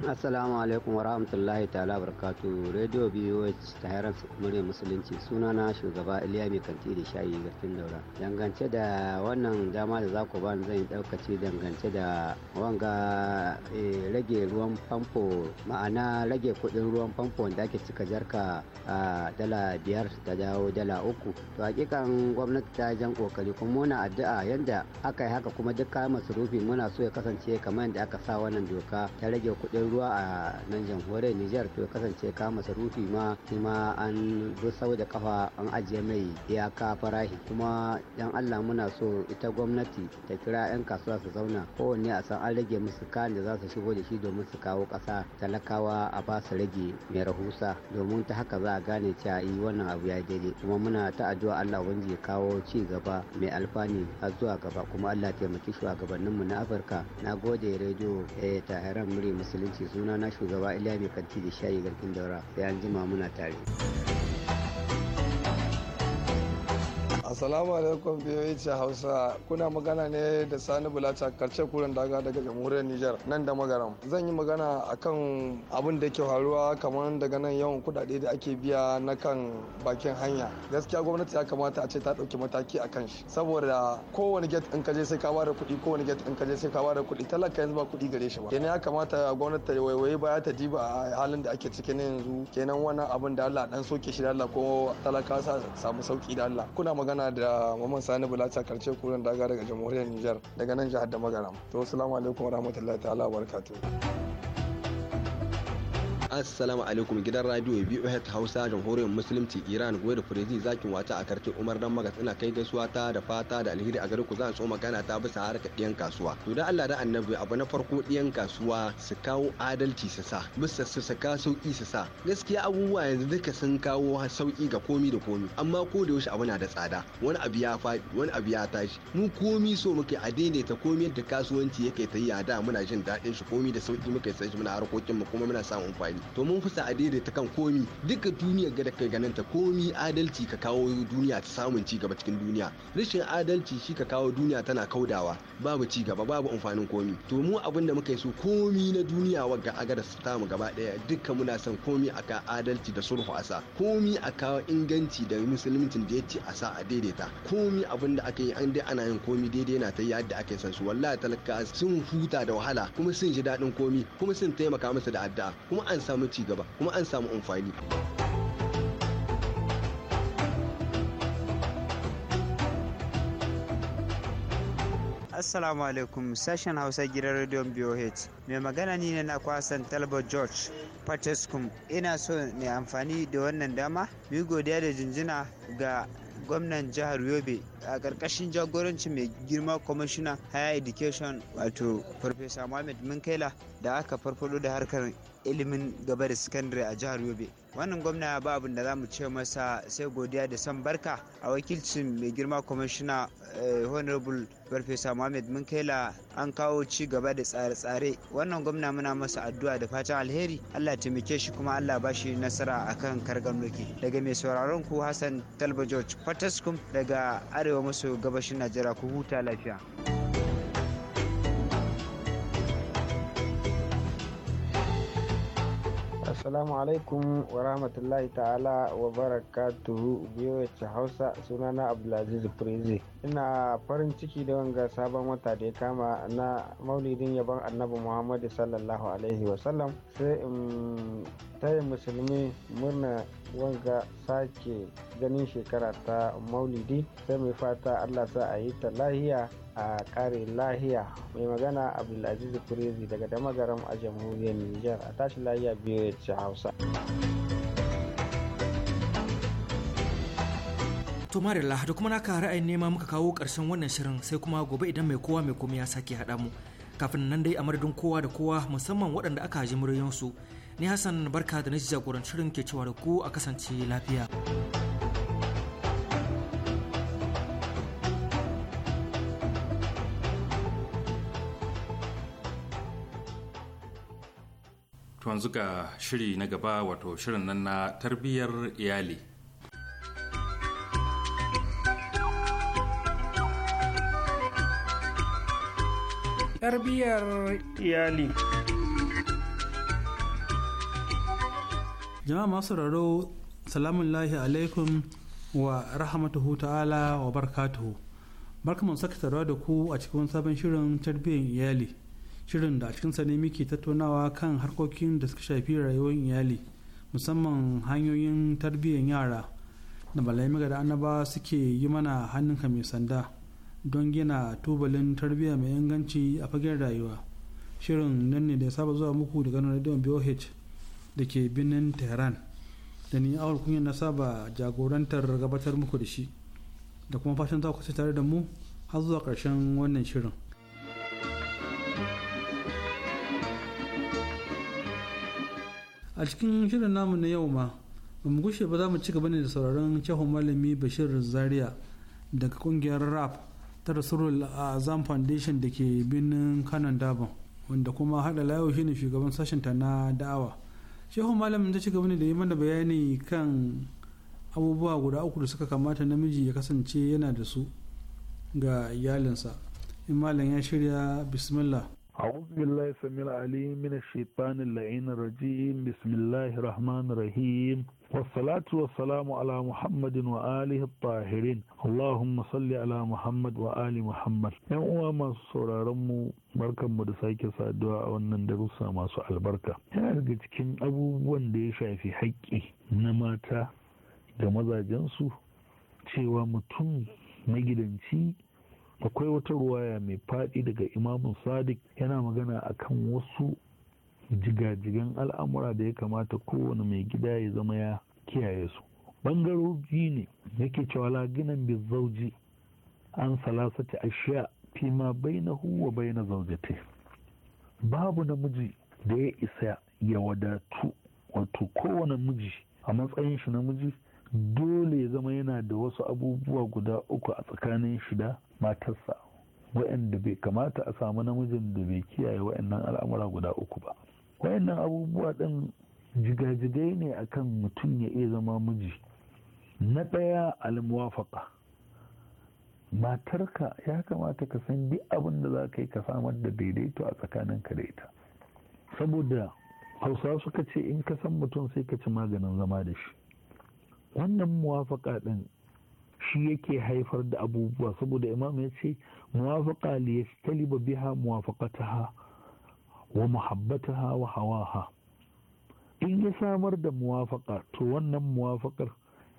assalamu alaikum wa rahmatullahi ta'ala barkatu radio boh ta heran muryar musulunci sunana shugaba iliya mai kanti da shayi garfin daura dangance da wannan dama da zaku ku ba zan yi daukaci dangance da wanga eh, rage ruwan famfo ma'ana rage kudin ruwan famfo da ake cika jarka a dala biyar ta dawo dala uku to hakikan gwamnati ta jan kokari kuma muna addu'a yanda aka yi haka kuma duk kayan masarufi muna so ya kasance kamar yadda aka sa wannan doka ta rage kudin ruwa a nan jamhuriyar Nijar to kasance ka rufi ma shi ma an sau da kafa an ajiye mai iyaka farahi kuma yan Allah muna so ita gwamnati ta kira 'yan kasuwa su zauna kowanne a san an rage musu kayan da za su shigo da shi domin su kawo kasa talakawa a ba su rage mai rahusa domin ta haka za a gane cewa yi eh, wannan abu ya daidai kuma muna ta addu'a Allah wanda ya kawo ci gaba mai alfani a zuwa gaba kuma Allah taimaki shugabanninmu na Afirka na gode rediyo eh, ta Heran Muri Musulunci ke suna na shugaba iliya mai kanti da shayi garkin daura sai an jima muna tare. Assalamu alaikum BOH Hausa kuna magana ne da Sani Bulacha karshe kuren daga daga jamhuriyar Nijar nan da magaram. Zan yi magana akan abin da ke faruwa kamar daga nan yawan kudade da ake biya na kan bakin hanya. Gaskiya gwamnati ya kamata a ce ta dauki mataki a kan shi saboda kowane get in kaje sai ka da kuɗi kowane get in kaje sai ka da kuɗi talaka yanzu ba kuɗi gare shi ba. Kenan ya kamata gwamnati ta waiwaye baya ta diba a halin da ake ciki na yanzu kenan wannan abin da Allah dan soke shi da Allah ko talaka sa samu sauki da Allah. Kuna magana da Muhammad Sani Bulacha karce kurin daga daga jamhuriyar Niger daga nan jihar da Magaram. To salamu alaikum rahmatullahi ta'ala barakatuh. assalamu alaikum gidan radio BOH Hausa jamhuriyar musulunci Iran goyi da furezi zakin wata a karkin Umar dan Magas ina kai gaisuwa ta da fata da alheri a gare ku zan so magana ta bisa harka ɗiyan kasuwa to dan Allah da annabi abu na farko ɗiyan kasuwa su kawo adalci su sa bisa su saka sauki su sa gaskiya abubuwa yanzu duka sun kawo sauki ga komi da komi amma ko da yaushe abu na da tsada wani abu ya faɗi wani abu ya tashi mu komi so muke a daidaita komi da kasuwanci yake ta yi a da muna jin daɗin shi komi da sauki muke sai shi muna harkokin mu kuma muna samun amfani to mun fasa a daidaita kan komi duka duniya ga da kai ta komi adalci ka kawo duniya ta samun ci gaba cikin duniya rashin adalci shi ka kawo duniya tana kaudawa babu ci gaba babu amfanin komi to mu abin da muka yi so komi na duniya wa ga da ta mu gaba daya duka muna son komi aka adalci da sulhu asa komi a kawo inganci da musulmincin da yace asa a daidaita komi abin da aka yi an dai ana yin komi daidai na ta yadda aka yi san su wallahi talaka sun huta da wahala kuma sun ji daɗin komi kuma sun taimaka masa da addu'a kuma an samu ci gaba kuma an samu amfani Assalamu alaikum sashen Hausa gidan rediyon BOH. Mai magana ni ne na kwasan Talba George Patescum. Ina so ne amfani da wannan dama, mu godiya da jinjina ga gwamnan jihar Yobe a ƙarƙashin jagoranci mai girma commissioner higher education wato Professor Mohammed Minkaila da aka farfado da harkar ilimin gaba da sakandare a jihar yobe wannan gwamna ba abin da za mu ce masa sai godiya da san barka a wakilcin mai girma kwamishina eh, honorable farfesa mohammed munkaila an kawo ci gaba da tsare-tsare wannan gwamna muna masa addu'a da fatan alheri allah taimake shi kuma allah ba shi nasara akan kargan mulki daga mai sauraron ku hassan talba george fataskum daga arewa maso gabashin najeriya ku huta lafiya. Assalamu alaikum wa rahmatullahi ta'ala wa barakatuhu biyo Hausa sunana Abdulaziz Prezi. Ina farin ciki da wanga sabon wata da ya kama na maulidin yaban annabi Muhammadu sallallahu alaihi sallam sai in taya musulmi murna wanga sake ganin shekara ta maulidi sai mai fata Allah sa a yi ta lahiya a kare lahiya mai magana abdulaziz kurezi daga damagaram a jamhuriyar niger a tashi lahiya biyu ya hausa To Marilla, da kuma naka ra'ayin nema muka kawo karshen wannan shirin sai kuma gobe idan mai kowa mai komai ya sake haɗa mu. Kafin nan dai a madadin kowa da kowa musamman waɗanda aka ji muryoyinsu. Ni Hassan barka da na jagorancin shirin ke cewa da ku a kasance lafiya. kafin zuga shiri na gaba wato shirin nan na tarbiyyar iyali tarbiyyar iyali jama'a masu raro salamun lahi alaikum wa rahmatuhu ta'ala wa barkatuhu barkamu saka da ku a cikin sabon shirin tarbiyyar iyali shirin da a cikinsa ne muke tattaunawa kan harkokin da suka shafi rayuwar iyali musamman hanyoyin tarbiyyar yara da malamai da annaba suke yi mana hannunka mai sanda don gina tubalin tarbiyya mai inganci a fagen rayuwa shirin nan ne da ya saba zuwa muku daga radio boh da ke birnin tehran da ni awar kunya na saba jagorantar gabatar muku da shi da kuma fashin za ku tare da mu har zuwa karshen wannan shirin a cikin shirin namu na yau ma ba mu gushe ba za mu ci gaba ne da sauraron cehun malami bashir zaria daga kungiyar rap ta rasurul azam foundation da ke birnin kanan daban wanda kuma hada layo shine shugaban ta na da'awa shehu malamin ta ci gaba ne da yi mana bayani kan abubuwa guda uku da suka kamata namiji ya kasance yana da su ga iyalinsa in malam ya shirya bismillah أعوذ بالله السميع العليم من الشيطان اللعين الرجيم بسم الله الرحمن الرحيم والصلاة والسلام على محمد وآله الطاهرين اللهم صل على محمد وآل محمد ‘yan uwa masu sauraronmu barkanmu da sake saduwa a wannan darussa masu albarka yana daga cikin abubuwan da ya shafi haƙƙi na mata da mazajensu cewa mutum magidanci akwai wata ruwaya mai faɗi daga imamun sadiq yana magana a kan wasu jigajigan al'amura da ya kamata kowane mai gida ya zama ya kiyaye su bangarori ne yake cewa laginan zauji an salasati ashiya fi ma bainahu wa baina zaujati babu namiji da ya isa ya wadatu wato kowane miji a matsayin shi namiji Mm. dole ya zama yana da wasu abubuwa guda uku a tsakanin shi da matarsa wa'anda bai kamata a samu namijin da bai kiyaye wa'annan al'amura guda uku ba wa'annan abubuwa ɗin jigajigai ne akan mutum ya iya zama miji na ɗaya almuwafaka matarka ya kamata ka san duk abin da za ka yi ka samar da daidaito a tsakanin ka da ita saboda hausa suka ce in ka san mutum sai ka ci maganin zama da shi wannan muwafaka ɗin shi yake haifar da abubuwa saboda imam ya ce muwafaka li taliba biha muwafaqataha wa muhabbataha wa ha in ya samar da muwafaka to wannan muwafakar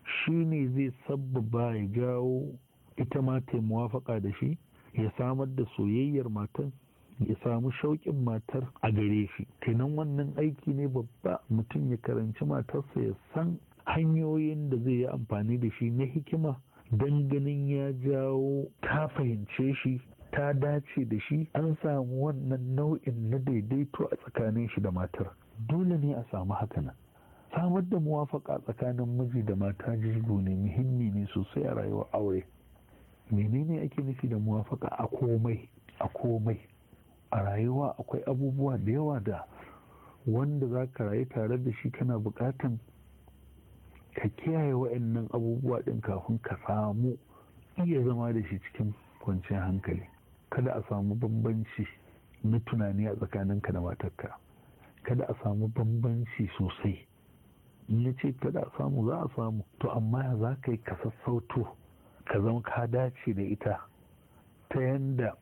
shi ne zai sabbaba ya jawo ita ma ta muwafaka da shi ya samar da soyayyar matan ya samu shauƙin matar a gare shi kenan wannan aiki ne babba mutum ya karanci matarsa ya san hanyoyin da zai yi amfani da shi na hikima don ganin ya jawo ta fahimce shi ta dace da shi an samu wannan nau'in na daidaito a tsakanin shi da matar dole ne a samu haka nan. samar da muwafaka tsakanin miji da mata jigo ne muhimmi ne sosai a rayuwar aure menene ake nufi da muwafaka a komai a komai a rayuwa akwai abubuwa da yawa da wanda za ka rayu tare da shi kana bukatan ka kiyaye wa'annan abubuwa ɗin kafin ka samu iya zama da shi cikin kwanciyar hankali kada a samu bambanci na tunani a tsakaninka da matarka kada a samu bambanci sosai in ce kada a samu za a samu to amma za ka yi ka sassauto ka zama ka dace da ita ta yanda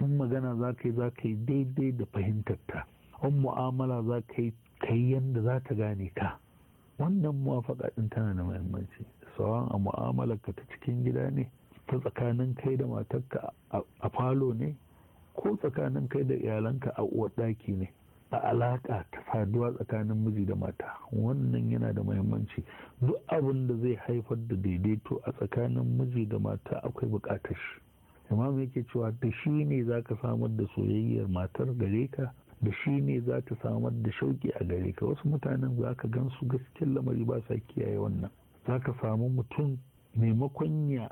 in magana za ka yi za ka yi daidai da fahimtarta in mu'amala za ka yi ka yanda za ta gane ka wannan muwafaka din tana da mahimmanci sawan a ka ta cikin gida ne ta tsakanin kai da matarka a falo ne ko tsakanin kai da iyalanka a uwarɗaki ne a alaƙa ta faduwa tsakanin miji da mata wannan yana da mahimmanci duk abin da zai haifar da daidaito a tsakanin miji da mata akwai buƙatar shi imam yake cewa da shi ne za ka samar da soyayyar matar gare ka da shi ne za ta samar da shauki a gare ka wasu mutanen za ka gan su gaskiyar lamari ba sa kiyaye wannan za ka samu mutum maimakon ya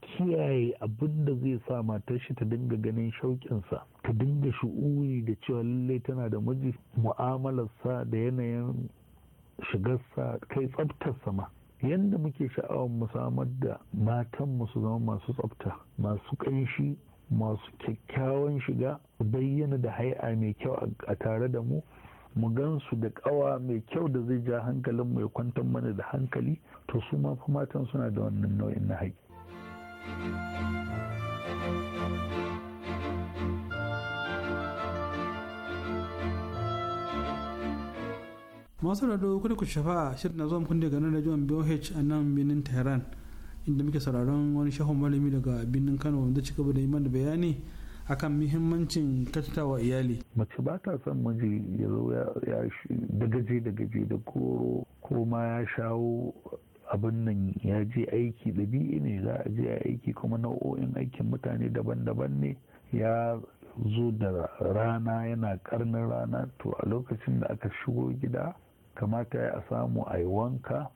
kiyaye abin da zai sa matar shi ta dinga ganin shauƙinsa ta dinga shu'uri da cewa lallai tana da miji mu'amalarsa da yanayin shigarsa kai tsaftarsa ma yadda muke sha'awar mu samar da matan mu su zama masu tsafta masu ƙanshi masu kyakkyawan shiga bayyana da hai'a mai kyau a tare da mu mu gansu da kawa mai kyau da zai ja hankalin mai kwantar mana da hankali to su ma fa matan suna da wannan nau'in na hai masu rado kuda ku shafa shirin na zuwa kun daga nan rajon boh a nan birnin tehran inda muke sauraron wani shahon malami daga birnin kano wanda ci gaba da yi mana bayani akan muhimmancin kyautatawa iyali mace ba ta son miji ya zo ya da gaje da gaje da koro ko ma ya shawo abin nan ya je aiki ɗabi'i ne za a je aiki kuma nau'o'in aikin mutane daban-daban ne ya zo da rana yana karnin rana to a lokacin da aka shigo gida kamata ya samu a yi wanka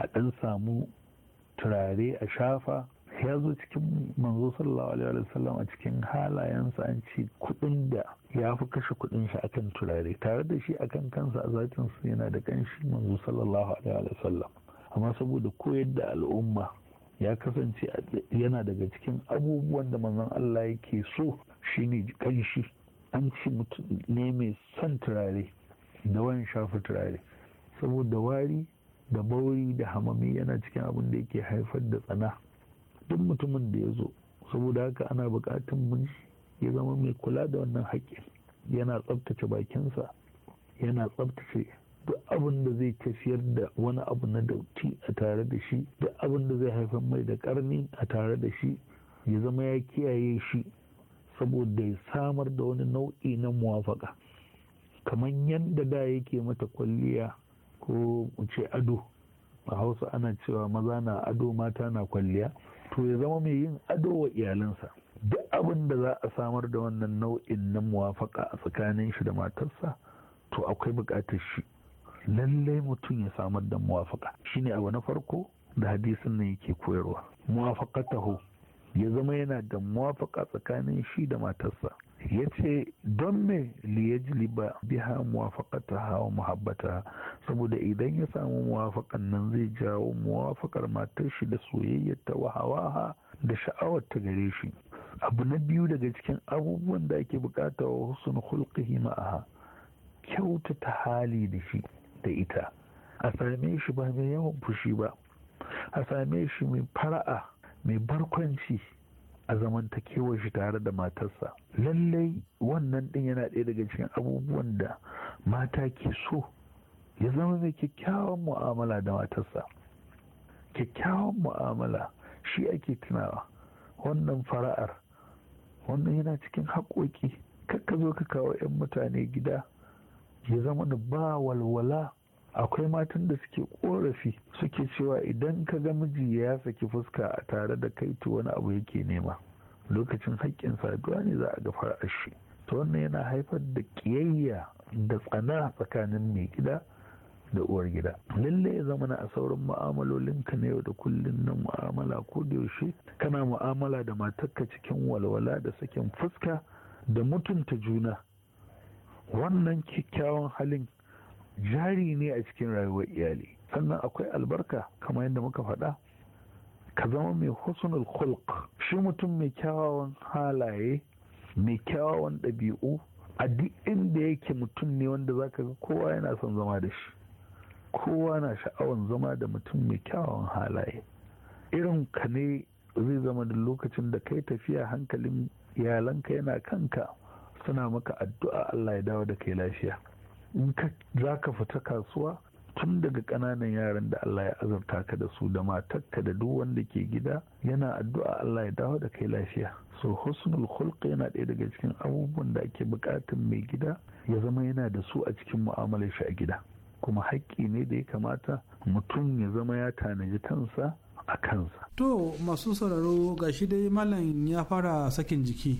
a ɗan samu turare a shafa ya zo cikin manzo sallallahu alaihi wa sallam a cikin halayensa an ce kudin da ya fi kashe kudin shi akan turare tare da shi akan kansa a zatin su yana da kanshi manzo sallallahu alaihi wa sallam amma saboda koyar da al'umma ya kasance yana daga cikin abubuwan da manzon Allah yake so shine kanshi an ce ne mai son turare da wani shafa turare saboda wari da bauri da hamami yana cikin abin da yake haifar da tsana duk mutumin da ya zo saboda haka ana bukatun mun ya zama mai kula da wannan haƙƙin yana tsabtace bakinsa yana tsabtace duk abin da zai tafiyar da wani abu na dauti a tare da shi duk abin da zai haifar mai da karni a tare da shi ya zama ya kiyaye shi saboda ya samar da wani nau'i na muwafaka kamar yadda da yake mata kwalliya ko mu ce ado a hausa ana cewa maza na ado mata na kwalliya to ya zama mai yin ado wa iyalansa duk abin da za a samar da wannan nau'in na muwafaka a tsakanin shi da matarsa to akwai buƙatar shi lallai mutum ya samar da muwafaka shine abu na farko da hadisin nan yake koyarwa muwafaqatahu ya zama yana da muwafaka tsakanin shi da matarsa ya ce don me liyajliba biha ta hawa muhabbata saboda idan ya samu muwafaƙan nan zai jawo muwafaƙar matar shi da soyayyar ta wahawaha da sha'awar ta gare shi abu na biyu daga cikin abubuwan da ake bukata wa husnul hulqihi ma'aha ta hali da shi da ita a same shi ba mai yawan fushi ba a same shi mai fara'a mai barkwanci a zamantakewar shi tare da matarsa lallai wannan din yana ɗaya daga cikin abubuwan da mata ke so ya zama mai kyakkyawan mu'amala da matarsa kyakkyawan mu'amala shi ake tunawa wannan fara'ar wannan yana cikin haƙoƙi ka zo ka kawo 'yan mutane gida ya zama da ba walwala akwai matan da suke korafi suke cewa idan ka ga miji ya saki fuska a tare da kai to wani abu yake nema lokacin haƙƙin saduwa ne za a ga fara'ar shi to wannan yana haifar da ƙiyayya da tsana tsakanin mai gida da uwar gida lalle ya zama a sauran mu'amalolinka na yau da kullum na mu'amala ko da yaushe kana mu'amala da matarka cikin walwala da sakin fuska da mutunta juna wannan kyakkyawan halin jari ne a cikin rayuwar iyali sannan akwai albarka kamar yadda muka faɗa ka zama mai husnul khulq shi mutum mai kyawawan halaye mai kyawawan ɗabi'u a duk inda yake mutum ne wanda za ka ga kowa yana son zama da shi kowa na sha'awan zama da mutum mai kyawawan halaye irin ka ne zai zama da lokacin da kai tafiya hankalin iyalanka yana kanka suna maka addu'a Allah ya dawo da kai lafiya in ka za ka fita kasuwa tun daga ƙananan yaran da Allah ya azurta ka da su da matakka da duk wanda ke gida yana addu'a Allah ya dawo da kai lafiya so husnul khulq yana ɗaya daga cikin abubuwan da ake buƙatar mai gida ya zama yana da su a cikin mu'amalar shi a gida kuma haƙƙi ne da ya kamata mutum ya zama ya tanaji kansa a kansa. To masu sauraro ga shi dai malam ya fara sakin jiki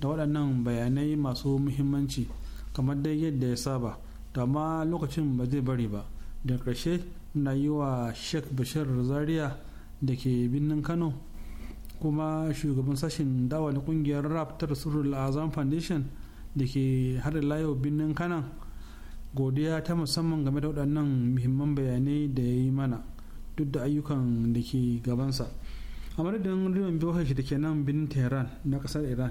da waɗannan bayanai masu muhimmanci kamar dai yadda ya saba da ma lokacin ba zai bari ba da ƙarshe na yi wa sheikh bashir zaria da ke birnin kano kuma shugaban sashen dawa na ƙungiyar rap ta azam foundation da ke hada layo birnin kanan godiya ta musamman game da waɗannan muhimman bayanai da ya yi mana duk da ayyukan da ke gabansa a madadin riyon biyu shi da ke nan birnin tehran na kasar iran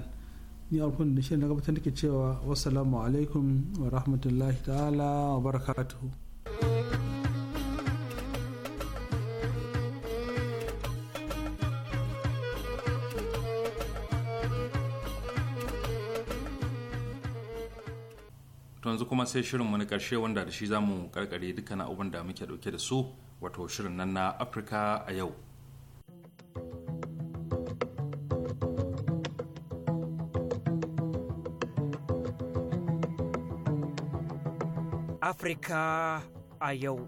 ni alfun da shi na gabatar da ke cewa wassalamu alaikum wa rahmatullahi ta'ala wa barakatuhu yanzu kuma sai shirinmu na karshe wanda da shi za mu karkare dukkan abin da muke dauke da su wato shirin nan na afirka a yau afirka a yau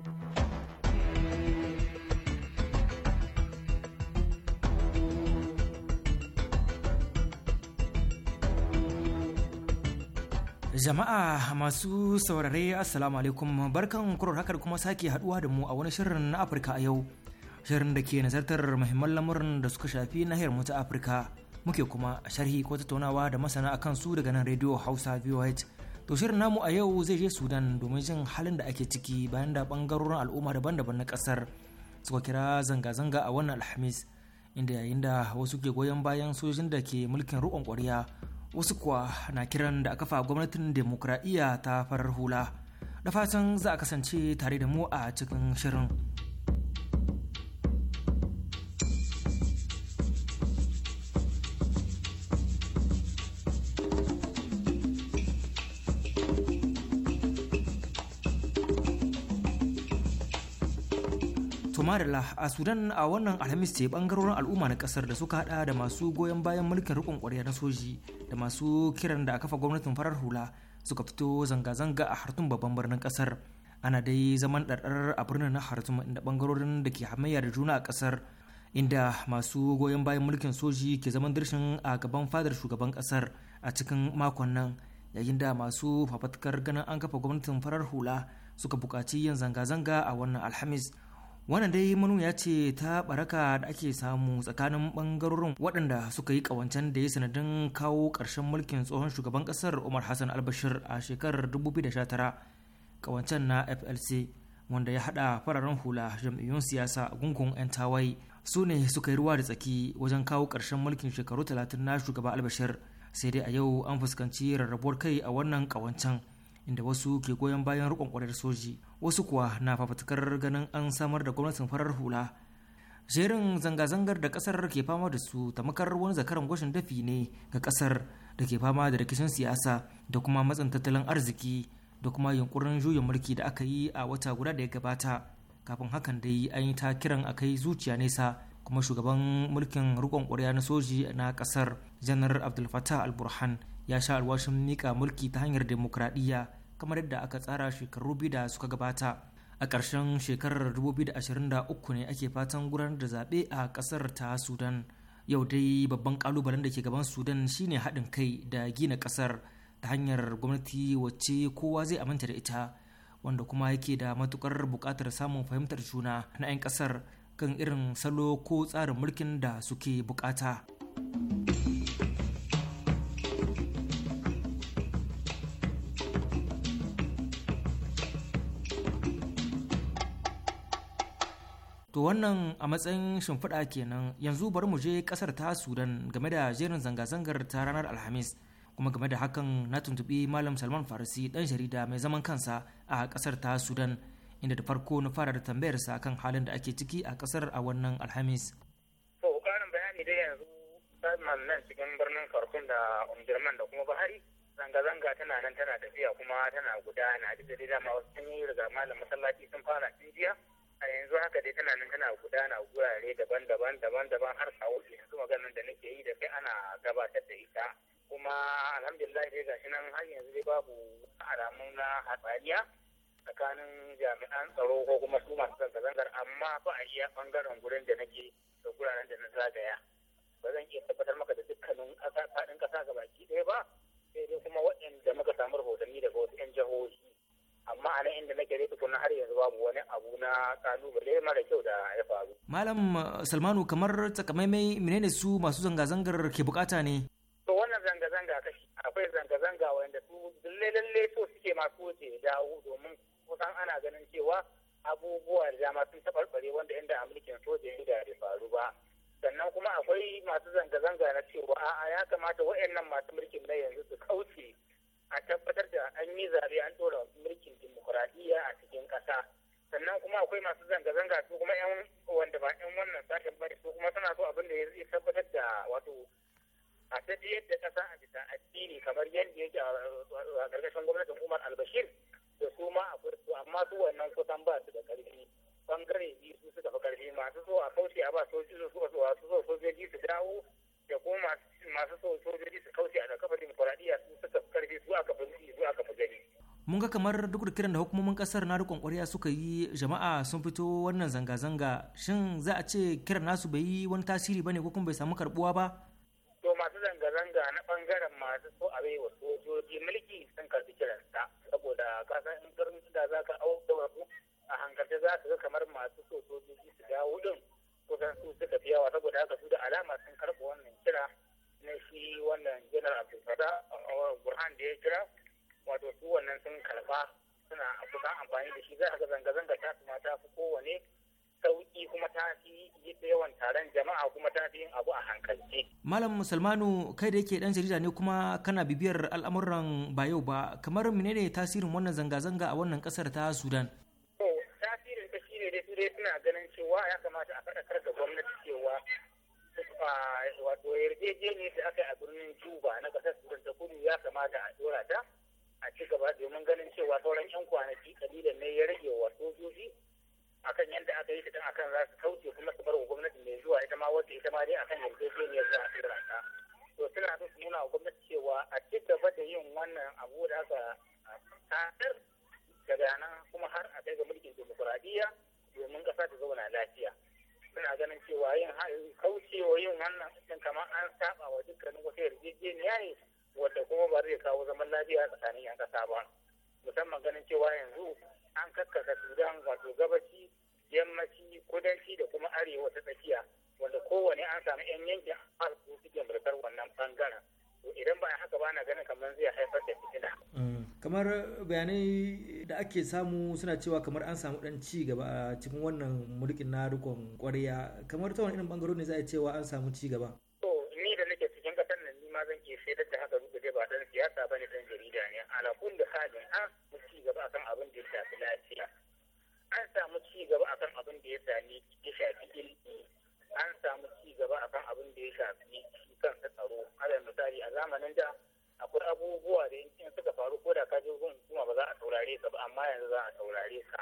Jama'a masu saurare Assalamu alaikum barkan kurar hakar kuma sake haduwa da mu a wani shirin na Afirka a yau. Shirin da ke nazartar muhimman lamurin da suka shafi nahiyar mu ta Afirka. Muke kuma sharhi ko tattaunawa da masana akan su daga nan Radio Hausa VOH. To shirin namu a yau zai je Sudan domin jin halin da ake ciki bayan da bangarorin al'umma daban-daban na kasar suka kira zanga-zanga a wannan Alhamis inda yayin da wasu ke goyon bayan sojojin da ke mulkin rukon ƙwarya wasu kuwa na kiran da aka fa gwamnatin demokradiyya ta farar hula da fatan za a kasance tare da mu a cikin shirin. madala a Sudan a wannan Alhamis ce bangarorin al'umma na kasar da suka hada da masu goyon bayan mulkin rikon kwarya na soji da masu kiran da a kafa gwamnatin farar hula suka fito zanga-zanga a hartun babban birnin kasar. Ana dai zaman ɗarɗar a birnin na hartun inda bangarorin da ke hamayya da juna a kasar inda masu goyon bayan mulkin soji ke zaman dirshin a gaban fadar shugaban kasar a cikin makon nan yayin da masu fafatkar ganin an kafa gwamnatin farar hula suka buƙaci yin zanga-zanga a wannan alhamis wannan dai ya ce ta baraka da ake samu tsakanin bangarorin waɗanda suka yi kawancen da ya sanadin kawo ƙarshen mulkin tsohon shugaban ƙasar umar hassan albashir a shekarar 2019 kawancen na flc wanda ya haɗa fararen hula jam'iyyun siyasa gungun 'yan tawaye su ne suka yi ruwa da tsaki wajen kawo ƙarshen mulkin shekaru 30 na shugaba albashir sai dai a yau an fuskanci rarrabuwar kai a wannan kawancen inda wasu ke goyon bayan rikon kwarar soji wasu kuwa na fafatukar ganin an samar da gwamnatin farar hula jerin zanga-zangar da kasar ke fama da su tamakar wani zakaran gwashin dafi ne ga kasar da ke fama da rikicin siyasa da kuma matsin tattalin arziki da kuma yunkurin juyin mulki da aka yi a wata guda da ya gabata kafin hakan dai an yi ta kiran a kai zuciya nesa kuma shugaban mulkin rikon kwarya na soji na kasar janar abdulfatah al-burhan ya sha alwashin mika mulki ta hanyar demokradiyya kamar yadda aka tsara shekaru biyu da suka gabata a ƙarshen shekarar 2023 ne ake fatan gudanar da zaɓe a ƙasar ta sudan yau dai babban ƙalubalen da ke gaban sudan shine haɗin kai da gina ƙasar ta hanyar gwamnati wacce kowa zai aminta da ita wanda kuma yake da matukar buƙatar samun fahimtar juna na 'yan ƙasar kan irin salo ko tsarin mulkin da suke buƙata. To wannan a matsayin shimfiɗa kenan yanzu bari mu je ƙasar ta Sudan game da jerin zanga-zangar ta ranar Alhamis kuma game da hakan na tuntuɓi Malam Salman Farisi ɗan jarida mai zaman kansa a ƙasar ta Sudan inda da farko na fara da tambayarsa kan halin da ake ciki a ƙasar a wannan Alhamis. To ƙarin bayani dai yanzu Salman nan cikin birnin Khartoum da Umdurman da kuma Bahari zanga-zanga tana nan tana tafiya kuma tana gudana duk da dai dama wasu sun yi riga malam masallaci sun fara tun jiya a yanzu haka dai tana nan tana gudana gurare daban-daban daban-daban har kawo yanzu maganar da nake yi da kai ana gabatar da ita kuma alhamdulillah dai gashi nan har yanzu dai babu alamun na hatsariya tsakanin jami'an tsaro ko kuma su masu zanga-zangar amma ba a iya bangaren gurin da nake da guraren da na zagaya ba zan iya tabbatar maka da dukkanin faɗin ƙasa ga baki ɗaya ba sai dai kuma waɗanda muka samu rahotanni daga wasu 'yan jihohi amma a nan inda nake dai tukuna har yanzu na kalubale mara kyau da ya faru. Malam uh, Salmanu kamar takamaimai menene su masu zanga-zangar ke bukata ne? To wannan zanga-zanga kashi akwai zanga-zanga wanda su lalle so suke masu wuce dawo domin kusan ana ganin cewa abubuwa da dama sun taɓarɓare wanda inda a mulkin soja ya da ya faru ba. Sannan kuma akwai masu zanga-zanga na cewa a'a ya kamata waɗannan masu mulkin na yanzu su kauce a tabbatar da an yi zaɓe an ɗora ta jiyar da ƙasa a bisa addini kamar yadda yake a ƙarƙashin gwamnatin Umar Albashir da su ma a kurtu amma su wannan kusan ba su da ƙarfi bangare ji su suka fi ƙarfi masu so a kauce a ba soji su suka so a su so sojoji su dawo da kuma masu so sojoji su kauce a kafa dimokuraɗiyya su suka fi ƙarfi su aka fi ji su aka fi gani. mun ga kamar duk da kiran da hukumomin kasar na rikon ƙwarya suka yi jama'a sun fito wannan zanga-zanga shin za a ce kiran nasu bai yi wani tasiri bane ko kuma bai samu karbuwa ba musulmanu kai da yake dan jarida ne kuma kana bibiyar al'amuran ba yau ba kamar menene tasirin wannan zanga-zanga a wannan kasar ta sudan tasirin ta shine dai su suna ganin cewa ya kamata a faɗakar da gwamnati cewa wato ne da aka yi a birnin juba na kasar sudan ta kudu ya kamata a dora ta a ci gaba domin ganin cewa sauran yan kwanaki kalilan ne ya rage wa sojoji akan yadda aka yi shi dan akan za su kauce kuma su bar wa gwamnati mai zuwa ita ma wadda ita ma dai akan yarjejeniyar za a ta to suna so su nuna wa gwamnati cewa a ci gaba da yin wannan abu da aka tasir daga nan kuma har a kai ga mulkin demokuraɗiyya domin ƙasa ta zauna lafiya suna ganin cewa yin kaucewa yin wannan ɗin kamar an saba wa dukkanin wata yarjejeniya ne wadda kuma ba zai kawo zaman lafiya tsakanin 'yan ƙasa ba. musamman ganin cewa yanzu an kakkasa sudan wato gabaci yammaci kudanci da kuma arewa ta tsakiya wanda kowane an samu yan yankin arzikin suke mulkar wannan bangaren to idan ba haka ba na ganin kamar zai haifar da fitina. Mm. kamar bayanai da ake samu suna cewa kamar an samu dan ci gaba a cikin wannan mulkin na rikon kwarya kamar ta wani irin bangarori ne za a cewa an samu ci gaba. to ni da nake cikin kasar nan ni ma zan ke shaidar da haka ba dan siyasa bane dan jarida ne ala kulli halin an samu ci gaba akan abin da ya shafi lafiya an samu ci gaba akan abin da ya sami ya shafi ilimi an samu ci gaba akan abin da ya shafi kan tsaro alal misali a zamanin da akwai abubuwa da yankin suka faru ko da ka je gun kuma ba za a saurare ka ba amma yanzu za a saurare ka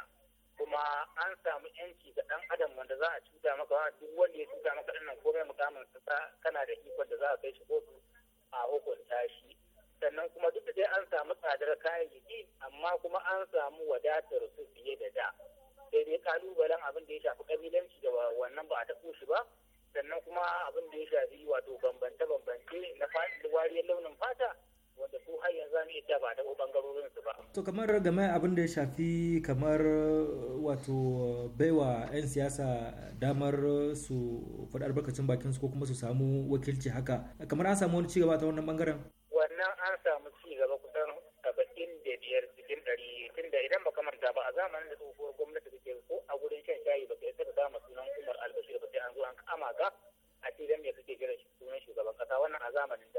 kuma an samu yanci ga dan adam wanda za a cuta maka duk wanda ya cuta maka dinnan komai mukamin sa kana da ikon da za a kai shi kotu a hukunta shi sannan kuma duk da an samu tsadar kayayyaki amma kuma an samu wadatar su fiye da da sai dai kalubalen abin da ya shafi kabilanci da wannan ba a taɓo shi ba sannan kuma abin da ya shafi wato bambance-bambance na wariyar launin fata wanda su har yanzu za iya ba taɓo bangarorin su ba. to kamar game abin da ya shafi kamar uh, wato baiwa 'yan siyasa damar su faɗi albarkacin bakin su ko kuma su samu wakilci haka kamar an samu wani cigaba ta wannan bangaren. an samu ci gaba kusan saba'in da biyar cikin ɗari tunda idan baka manta ba a zamanin da tsohuwar gwamnati ke ko a gurin shan shayi ba kai ta dama sunan Umar Albashir ba sai an zo an kama ka a cikin me kake jira sunan shugaban kasa wannan a zamanin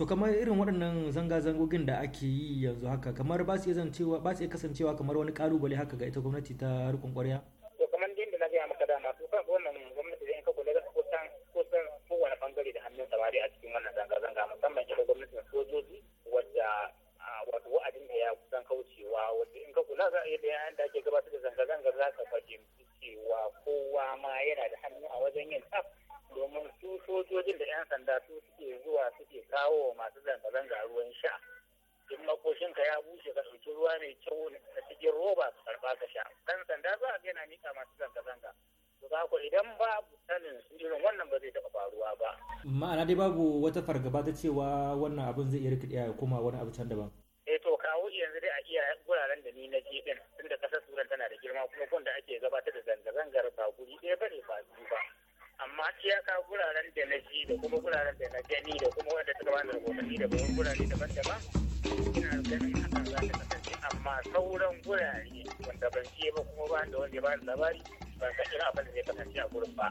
to kamar irin waɗannan zanga-zangogin da ake yi yanzu haka kamar ba su iya kasancewa kamar wani ƙalubale haka ga ita gwamnati ta rikon kwarya ta cewa wannan abin zai iya rikidiya ya koma wani abu can daban eh to kawo yanzu dai a iya guraren da ni na je din tunda kasar sudan tana da girma kuma kun da ake gabatar da zanga-zangar ba guri ɗaya bane ba biyu ba amma iyaka guraren da na ji da kuma guraren da na gani da kuma wanda suka bani rahotanni da kuma gurare daban-daban ina ganin hakan za ta kasance amma sauran gurare wanda ban je ba kuma ba da wanda ya bani labari ban san ina abin da zai kasance a gurin ba.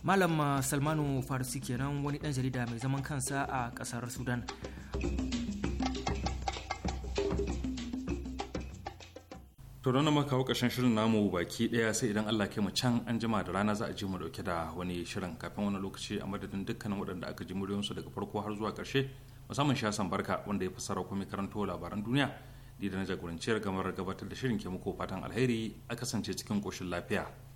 malam uh, salmanu farisi kenan wani dan jarida mai zaman kansa a kasar sudan to na maka kawo shirin namu baki ɗaya sai idan allah kai mu can an jima da rana za a ji mu dauke da wani shirin kafin wani lokaci a madadin dukkanin waɗanda aka ji muryoyinsu daga farko har zuwa ƙarshe musamman shasan barka wanda ya fassara kuma karanto labaran duniya ni da na jagoranciyar gamar gabatar da shirin ke muku fatan alheri a kasance cikin ƙoshin lafiya